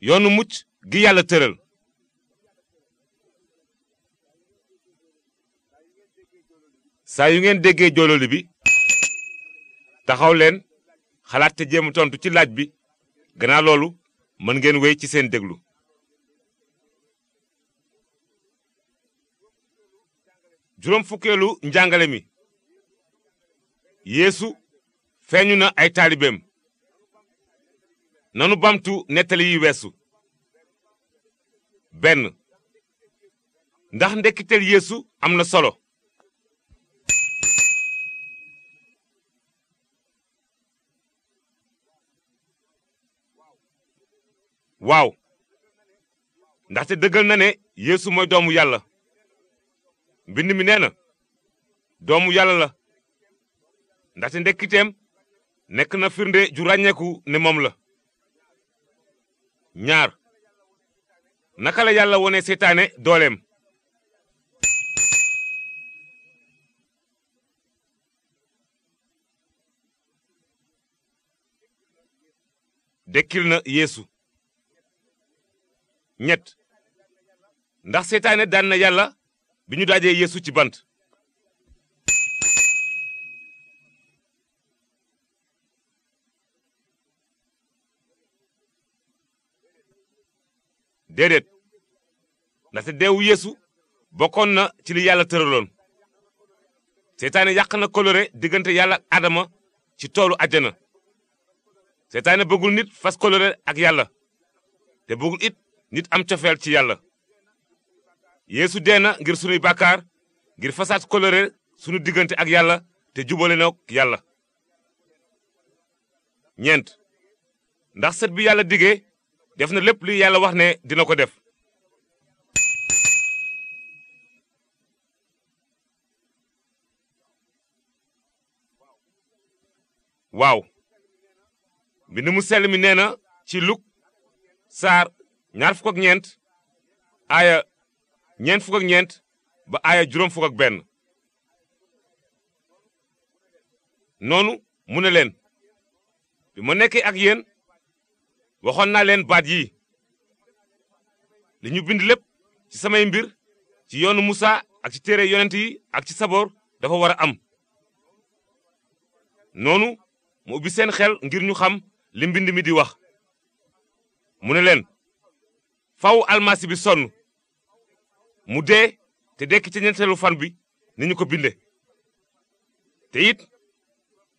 yoonu mucc gi yàlla tëral saa yu ngeen déggee joololi bi taxaw leen xalaat te jéem tontu ci laaj bi gannaaw loolu mën ngeen wéy ci seen déglu juróom fukkeelu njàngale mi yeesu feeñu na ay taalibeem nanu bamtu nettali yi weesu benn ndax ndekkiteel yeesu am na solo waaw ndaxte dëggal na ne yéesu mooy doomu yàlla mbind mi nee na doomu yàlla la ndaxte ndekkiteem nekk na firnde ju ràññeeku ne moom la ñaar naka la yàlla wone seytaane dooleem dekkil na yéesu ñett ndax seytaane daan na yàlla bi ñu daajee yéesu ci bant déedéet ndaxte deewu yeesu bokkoon na ci li yàlla tëraloon seytaane yàq na kolore diggante yàlla ak adama ci toolu àjjana seytaane bëggul nit fas kolore ak yàlla te bëggul it nit am cofeel ci yàlla yéesu dee na ngir sunuy bàkkaar ngir fasaat kolore sunu diggante ak yàlla te jubale na yàlla ñeent ndax sët bi yàlla digee def na lépp li yàlla wax ne dina ko def. waaw mbind mu sell mi nee na ci luk saar ñaar fukk ak ñeent aaya ñeent fukk ñeent ba aaya juróom fukk benn noonu mu ne leen bi ma nekkee ak yéen waxoon naa leen baat yi li ñu bind lépp ci samay mbir ci yoonu Musa ak ci téere yonent yi ak ci saboor dafa war a am noonu moo ubbi seen xel ngir ñu xam li mbind mi di wax mu ne leen faw almasi bi sonn mu dee te dekki ca ñetteelu fan bi ni ñu ko binde te it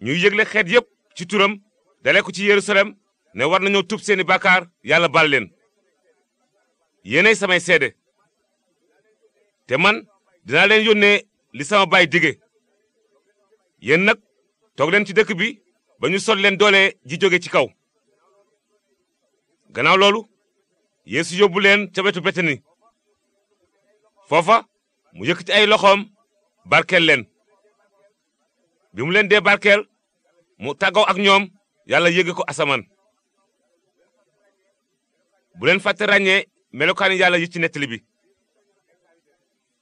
ñuy yëgle xeet yépp ci turam dale ko ci Yerusalem ne war nañoo tub seeni bakaar yàlla bal leen yéenay samay seede te man dinaa leen yónnee li sama baay dige yéen nag toog leen ci dëkk bi ba ñu sol leen doole ji jóge ci kaw gannaaw loolu yeesu yóbbu leen ca wetu betani foofa mu yëkkati ay loxoom barkeel leen bi mu leen dee barkeel mu tàggoo ak ñoom yàlla yéege ko asamaan bu leen fàtte ràññee melokaani yàlla yi ci nettali bi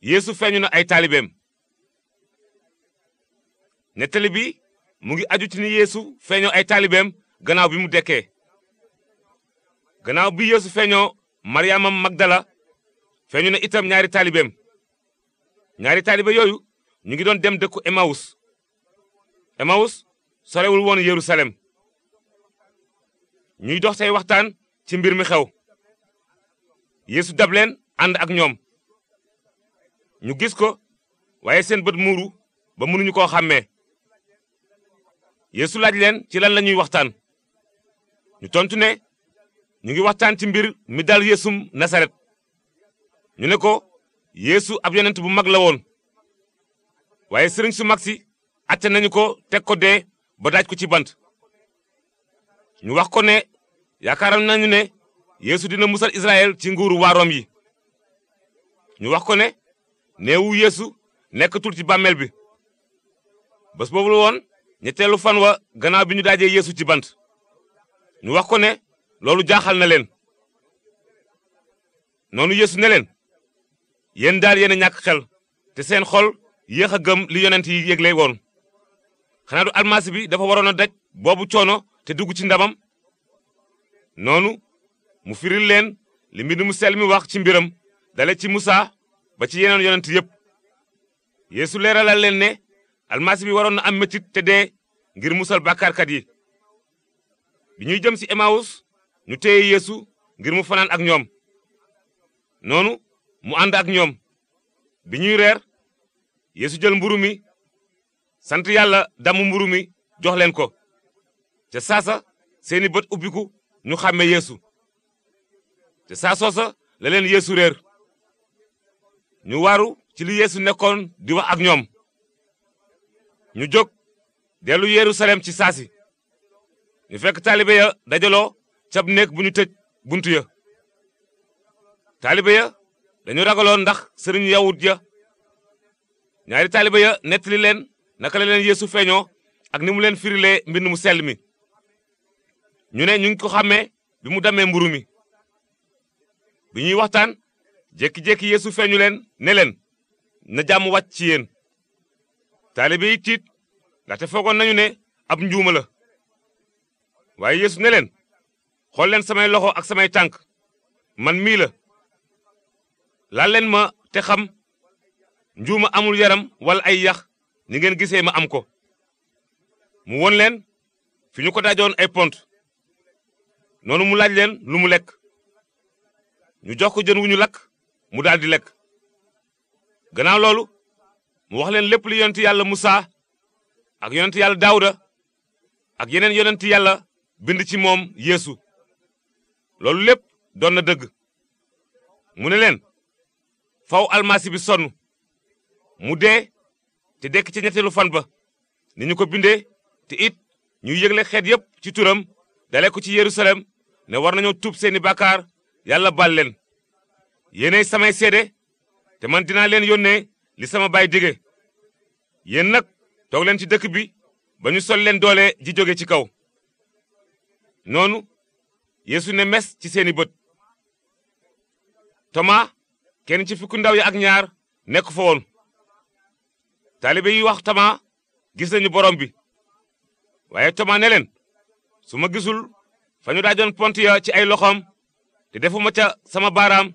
yeesu feeñu na ay taalibeem nettali mu ngi aju ci ni yeesu feeñoo ay taalibeem gannaaw bi mu dekkee gannaaw bi yeesu feeñoo maryaama magdala feeñu na itam ñaari taalibeem ñaari taalibe yooyu ñu ngi doon dem dëkku emawus emawus sorewul woon yerusalem ñuy dox tey waxtaan ci mbir mi xew yeesu dab leen ànd ak ñoom ñu gis ko waaye seen bët muuru ba mënuñu koo xàmmee yeesu laaj leen ci lan la ñuy waxtaan ñu tontu ne ñu ngi waxtaan ci mbir mi yéesum yeesum nasaret ñu ne ko yéesu ab yonent bu mag la woon waaye sëriñ su mag si atte nañu ko teg ko dee ba daaj ko ci bant ñu wax ko ne yaakaaram nañu ne yéesu dina musal israel ci nguuru waa Rom yi ñu wax ko ne néewu yéesu nekkatul ci bàmmeel bi bés boobu la woon ñetteelu fan wa gannaaw bi ñu daajee yeesu ci bant ñu wax ko ne loolu jaaxal na leen noonu yeesu na leen yéen daal yéen a ñàkk xel te seen xol yéex a gëm li yonent yi yégle woon xanaa du almasi bi dafa waroon a daj boobu coono te dugg ci ndamam noonu mu firil leen li mbind mu sel mi wax ci mbiram dala ci musa ba ci yeneen yonent yépp yeesu leeralal leen ne almasi bi waroon na am metit te dee ngir musal bàkkaarkat yi bi ñuy jëm ci emawus ñu téye yeesu ngir mu fanaan ak ñoom noonu mu ànd ak ñoom bi ñuy reer yéesu jël mburu mi sant yàlla damu mburu mi jox leen ko ca saasa seeni bët ubbiku ñu xàmme yeesu te saa soosa la leen yeesu réer ñu waaru ci li yeesu nekkoon di wax ak ñoom ñu jóg dellu yerusalem ci saasi ñu fekk taalibe ya dajaloo cab néeg bu ñu tëj buntu ya taalibe ya dañu ragaloon ndax sëriñ yawut ya ñaari taalibeya ya naka la leen yeesu feeñoo ak ni mu leen firilee mbind mu sell mi ñu ne ñu ngi ko xàmmee bi mu demee mburu mi bi ñuy waxtaan jékki-jékki yeesu feeñu leen ne leen na jàmm wàcc ci yéen taalibe yi tiit ndaxte foogoon nañu ne ab njuuma la waaye yeesu ne leen xool leen samay loxo ak samay tànk man mii la laal leen ma te xam njuuma amul yaram wala ay yax ni ngeen gisee ma am ko mu won leen fi ñu ko daajoon ay pont noonu mu laaj lu mu lekk ñu jox ko jën wu ñu lakk mu daal di lekk ganaaw loolu mu wax leen lépp li yonent yàlla Musaa ak yonent yàlla Daawuda ak yeneen yonent yàlla bind ci moom yéesu loolu lépp doon na dëgg mu ne leen faw almasi bi sonn mu dee te dekk ci ñetteelu fan ba ni ñu ko bindee te it ñu yëgle xeet yépp ci turam dale ko ci Yerusalem ne war nañoo tuub seeni bakaar yàlla baal leen yéenay samay seede te man dinaa leen yónnee li sama baay dige yéen nag toog leen ci dëkk bi bañu ñu sol leen doole ji jóge ci kaw noonu yeesu ne mes ci seeni bët toma kenn ci fukki ndaw yi ak ñaar nekk fa woon taalibe yi wax toma gis nañu borom bi waaye toma ne su ma gisul ñu daajoon pont ya ci ay loxoom te defuma ca sama baaraam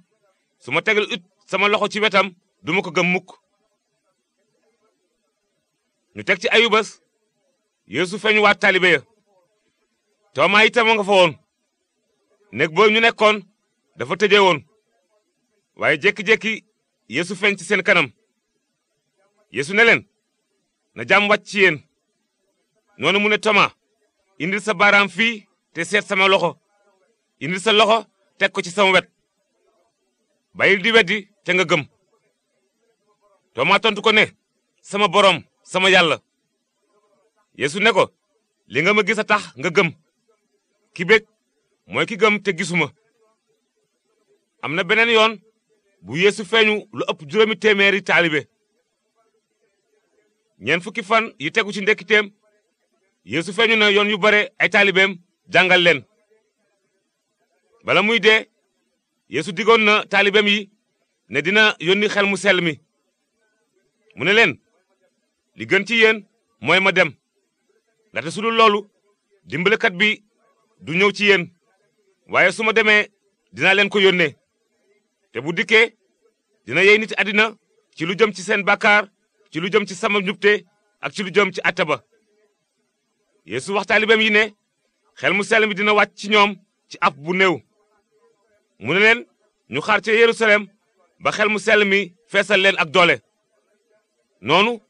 su ma tegal ut sama loxo ci wetam duma ko gëm mukk ñu teg ci ayubas yeesu feeñ waat taalibe ya toomaa nga fa woon néeg boobu ñu nekkoon dafa tëje woon waaye jékki-jékki yeesu feeñ ci seen kanam yeesu ne leen na jàmm wàcc ci yéen noonu mu ne toma indil sa baaraam fii te seet sama loxo indil sa loxo teg ko ci sama wet bayil di weddi te nga gëm toomaa tontu ko ne sama boroom sama yàlla yéesu ne ko li nga ma gis a tax nga gëm ki mooy ki gëm te gisuma am na beneen yoon bu yeesu feeñu lu ëpp juróomi téeméeri taalibe ñeent fukki fan yi tegu ci ndekkiteem yeesu feeñu na yoon yu bare ay taalibeem jàngal leen bala muy de yéesu digoon na taalibeem yi ne dina yónni xel mu sel mi mu ne leen li gën ci yéen mooy ma dem ndaxte su dul loolu dimbalekat bi du ñëw ci yéen waaye su ma demee dinaa leen ko yónnee te bu dikkee dina yey nit àddina ci lu jëm ci seen bàkkaar ci lu jëm ci sama njubte ak ci lu jëm ci atta ba yéesu wax taalibeem yi ne xel mu sell mi dina wàcc ci ñoom ci ab bu néew mu ne leen ñu xaar ca Yerusalem ba xel mu sell mi feesal leen ak doole noonu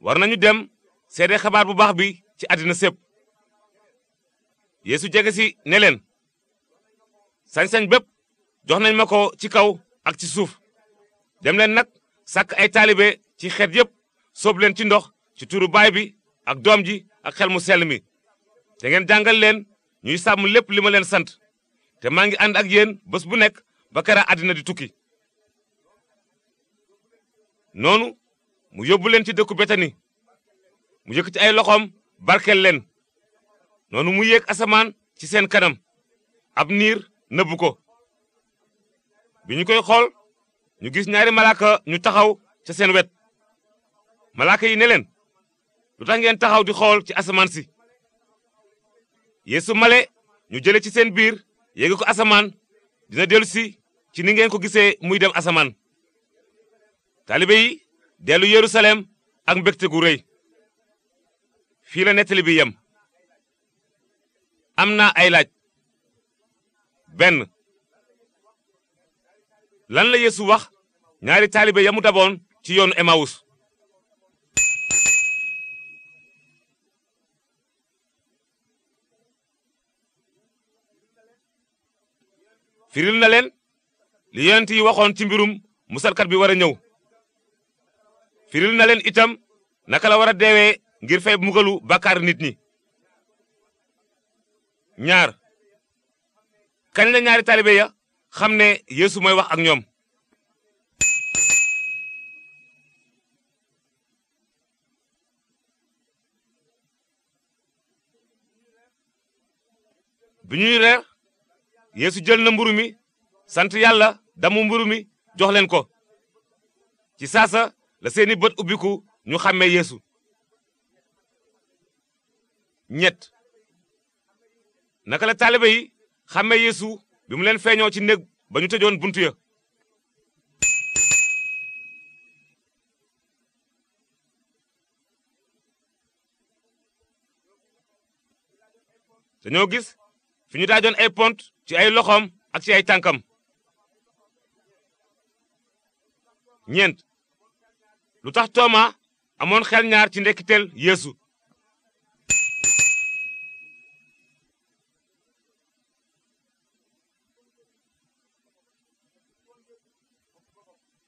war nañu dem seede xabaar bu baax bi ci àddina sépp yéesu jege si ne leen sañ-sañ bépp jox nañ ma ko ci kaw ak ci suuf dem leen nag sàkk ay taalibe ci xeet yépp sóob leen ci ndox ci turu baay bi ak doom ji ak xel mu sell mi te ngeen jàngal leen ñuy sàmm lépp li ma leen sant te maa ngi ànd ak yéen bés bu nekk ba àddina di tukki noonu mu yóbbu leen ci dëkku betani mu yëkkati ay loxoom barkel leen noonu mu yéeg asamaan ci seen kanam ab niir nëbbu ko bi ñu koy xool ñu gis ñaari malaaka ñu taxaw ca seen wet malaaka yi ne leen lu tax ngeen taxaw di xool ci asamaan si yeesu male ñu jële ci seen biir yéegi ko asamaan dina dellu ci ni ngeen ko gisee muy dem asamaan taalibe yi dellu yerusalem ak mbégte gu rëy fii la nettali bi yem am na ay laaj benn lan la yeesu wax ñaari taalibe yamu daboon ci yoonu emawus firil na leen li yonent yi waxoon ci mbirum musalkat bi war a ñëw firil na leen itam naka la war a deewee ngir fay mugalu bàkkaar nit ñi ñaar kañ la ñaari taalibe ya xam ne yeesu mooy wax ak ñoom yeesu jël na mburu mi sant yàlla damu mburu mi jox leen ko ci saasa la seeni bët ubbiku ñu xàmmee yeesu ñett naka la taalibe yi xàmmee yeesu leen feeñoo ci néeg ba ñu tëjoon buntu ya gis fi ñu daajoon ay pont ci ay loxoom ak ci ay tànkam. ñeent lu tax Tooma amoon xel ñaar ci ndekkiteel Yeesu.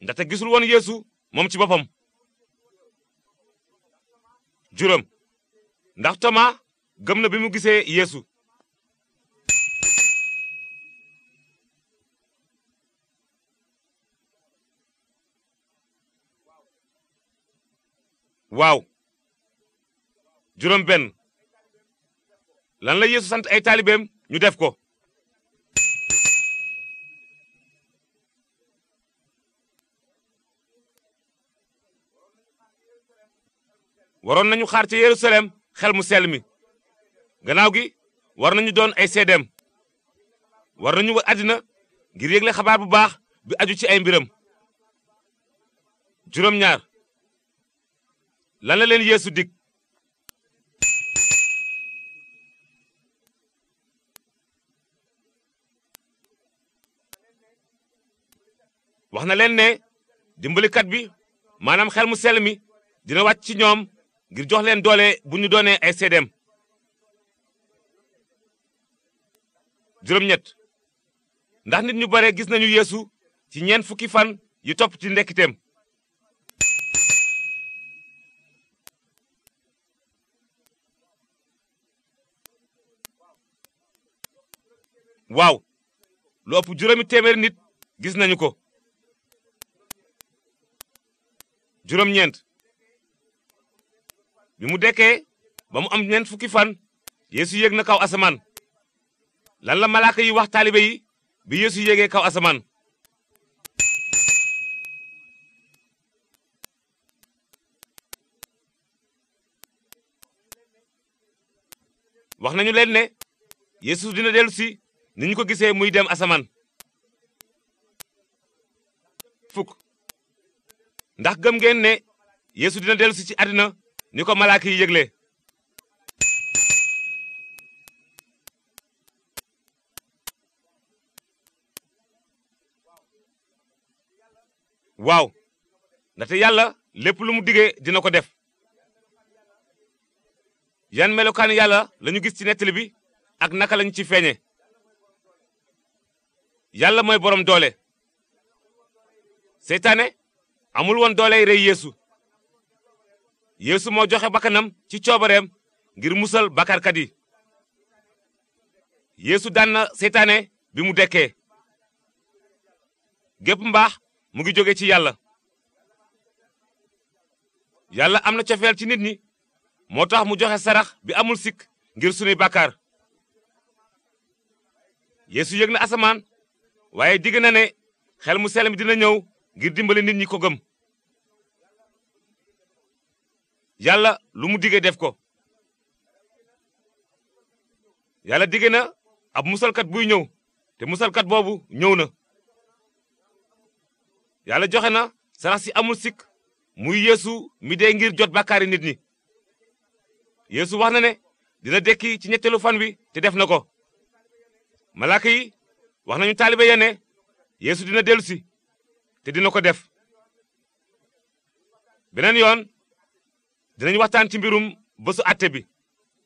ndaxte gisul woon yéesu moom ci boppam. juróom ndax Tooma gëm bi mu gisee yéesu waaw juróom benn lan la yeesu sant ay taalibeem ñu def ko waroon nañu xaar ci yerusalem xel mu sell mi gannaaw gi war nañu doon ay seedeem war nañu wa àddina ngir yégle xabaar bu baax bi aju ci ay mbiram juróom ñaar lan la leen yeesu dig wax na leen ne dimbalikat bi maanaam xel mu sell mi dina wàcc ci ñoom ngir jox leen doole bu ñu doonee ay seedeem juróom-ñett ndax nit ñu bare gis nañu yéesu ci ñeent fukki fan yu topp ci ndekkiteem waaw lu ëpp juróomi téeméeri nit gis nañu ko. juróom-ñeent bi mu dekkee ba mu am ñeent fukki fan yeesu yéeg na kaw asamaan lan la malaaka yi wax taalibe yi bi yeesu yéegee kaw asamaan. wax nañu leen ne yeesu dina dellu ni ñu ko gisee muy dem asaman fukk ndax gëm ngeen ne yéesu dina dellusi ci àddina ni ko malaaka yi yëgle waaw ndaxte yàlla lépp lu mu digee dina ko def yan melokaan yàlla lañu gis ci nettali bi ak naka lañu ci feeñe yàlla mooy borom doole seytaane amul woon doole rey yéesu yeesu moo joxe bakkanam ci coobareem ngir musal bakkarkat yi yéesu daan na seytaane bi mu dekkee gépp mbaax mu ngi jóge ci yàlla yàlla am na cofeel ci nit ñi moo tax mu joxe sarax bi amul sikk ngir sunuy bàkkaar yeesu yëg na asamaan waaye digg na ne xel mu sell mi dina ñëw ngir dimbali nit ñi ko gëm yàlla lu mu digge def ko yàlla digge na ab musalkat buy ñëw te musalkat boobu ñëw na yàlla joxe na sarax si amul sikk muy yéesu mi dee ngir jot bàkkaari nit ñi yéesu wax na ne dina dekki ci ñetteelu fan wi te def na ko malaaka wax nañu taalibe ya ne yeesu dina dellusi te dina ko def beneen yoon dinañ waxtaan ci mbirum bésu àtte bi